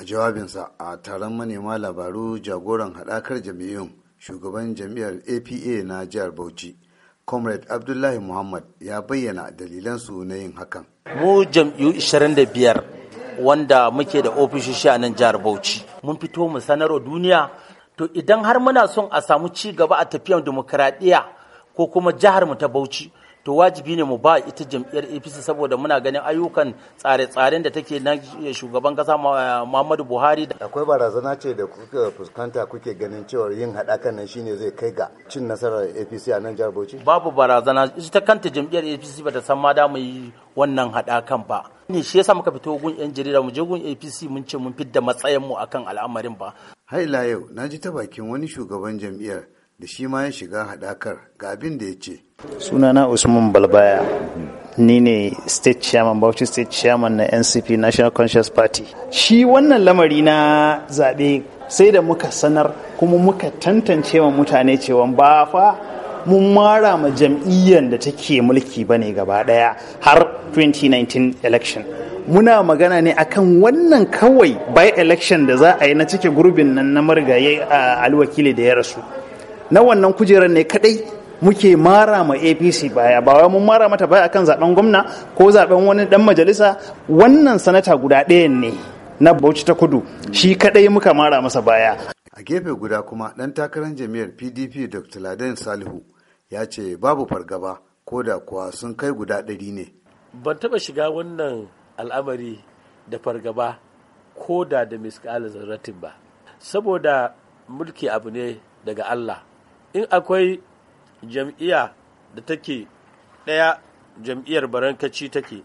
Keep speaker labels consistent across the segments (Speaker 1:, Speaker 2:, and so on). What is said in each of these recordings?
Speaker 1: a jawabinsa a taron manema labaru jagoran haɗakar jam'iyyun shugaban jami'ar apa na jihar bauchi comrade abdullahi muhammad ya bayyana dalilansu na yin hakan
Speaker 2: mu jam'iyyu 25 wanda muke da ofishoshi a nan jihar bauchi mun fito mu sanarwa duniya to idan har muna son a samu ci gaba a tafiyar dimokuraɗiyya ko kuma jihar mu ta bauchi to wajibi ne mu ba ita jam'iyyar APC saboda muna ganin ayyukan tsare-tsaren da take na shugaban kasa Muhammadu
Speaker 1: Buhari da akwai barazana ce da kuka fuskanta kuke ganin cewa yin haɗakan nan shine zai kai ga cin nasarar APC a nan jihar Bauchi
Speaker 2: babu barazana ita kanta jam'iyyar APC ba ta san ma da mu yi wannan haɗakan ba ni shi yasa muka fito gun yan jarida mu je gun APC mun ce mun fidda
Speaker 1: matsayin mu akan al'amarin ba haila yau na ji ta bakin wani shugaban jam'iyyar da shi ma ya shiga haɗakar ga abin da ya ce.
Speaker 3: Sunana Usman Balbaya. Ni ne state chairman Bauchi state chairman na NCP National Conscious Party. Shi wannan lamari na zaɓe sai da muka sanar kuma muka tantance wa mutane cewa ba fa mun mara ma jam'iyyar da take mulki bane gaba ɗaya har 2019 election muna magana ne akan wannan kawai by election da za a yi na cike gurbin nan na marigayi a alwakili da ya rasu na wannan kujerar ne kadai muke mara ma apc baya ba wai mun mara mata baya akan zaben gwamna ko zaben wani dan majalisa wannan sanata guda ɗayan ne na bauchi ta kudu
Speaker 1: shi kadai muka mara masa baya a gefe guda kuma dan takarar jami'ar pdp dr laden salihu ya ce babu fargaba ko da kuwa sun kai guda ɗari ne
Speaker 4: ban taɓa shiga wannan al'amari da fargaba ko da da miskalar zarratin ba saboda mulki abu ne daga allah in akwai jam'iyya da take ɗaya jam'iyyar barankaci take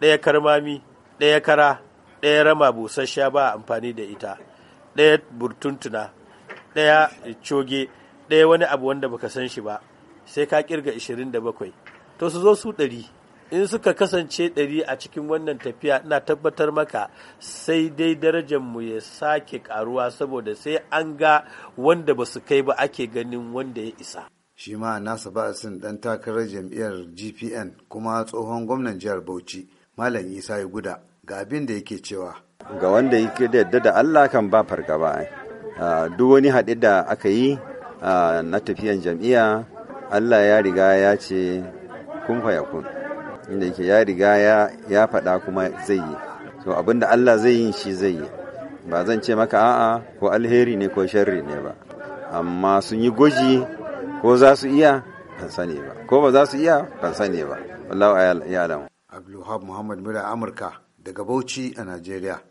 Speaker 4: ɗaya karmami ɗaya kara ɗaya rama busasshiya ba amfani da ita ɗaya burtuntuna ɗaya coge ɗaya wani abu wanda baka san shi ba sai ka kirga 27 to su zo su ɗari in suka kasance ɗari a cikin wannan tafiya ina tabbatar maka sai dai darajar mu ya sake karuwa saboda sai an ga wanda ba su kai ba ake ganin wanda
Speaker 1: ya isa shi ma nasa sun dan takarar jam'iyyar gpn kuma tsohon gwamnan jihar bauchi malam isa ya guda ga abin da yake cewa
Speaker 5: ga wanda yake da yadda da allah kan ba fargaba ah, duk wani haɗe da aka yi ah, na tafiyan jam'iyya allah ya riga ya ce kun fayakun inda yake ya riga ya faɗa kuma zai yi to abinda Allah zai yi shi zai yi ba zan ce maka a'a ko alheri ne ko sharri ne ba amma sun yi gwaji ko za su iya ban sani ba ko ba za su iya ban sani ba wallahu ya alamu Abdulwahab Muhammad Mura Amurka daga Bauchi a Najeriya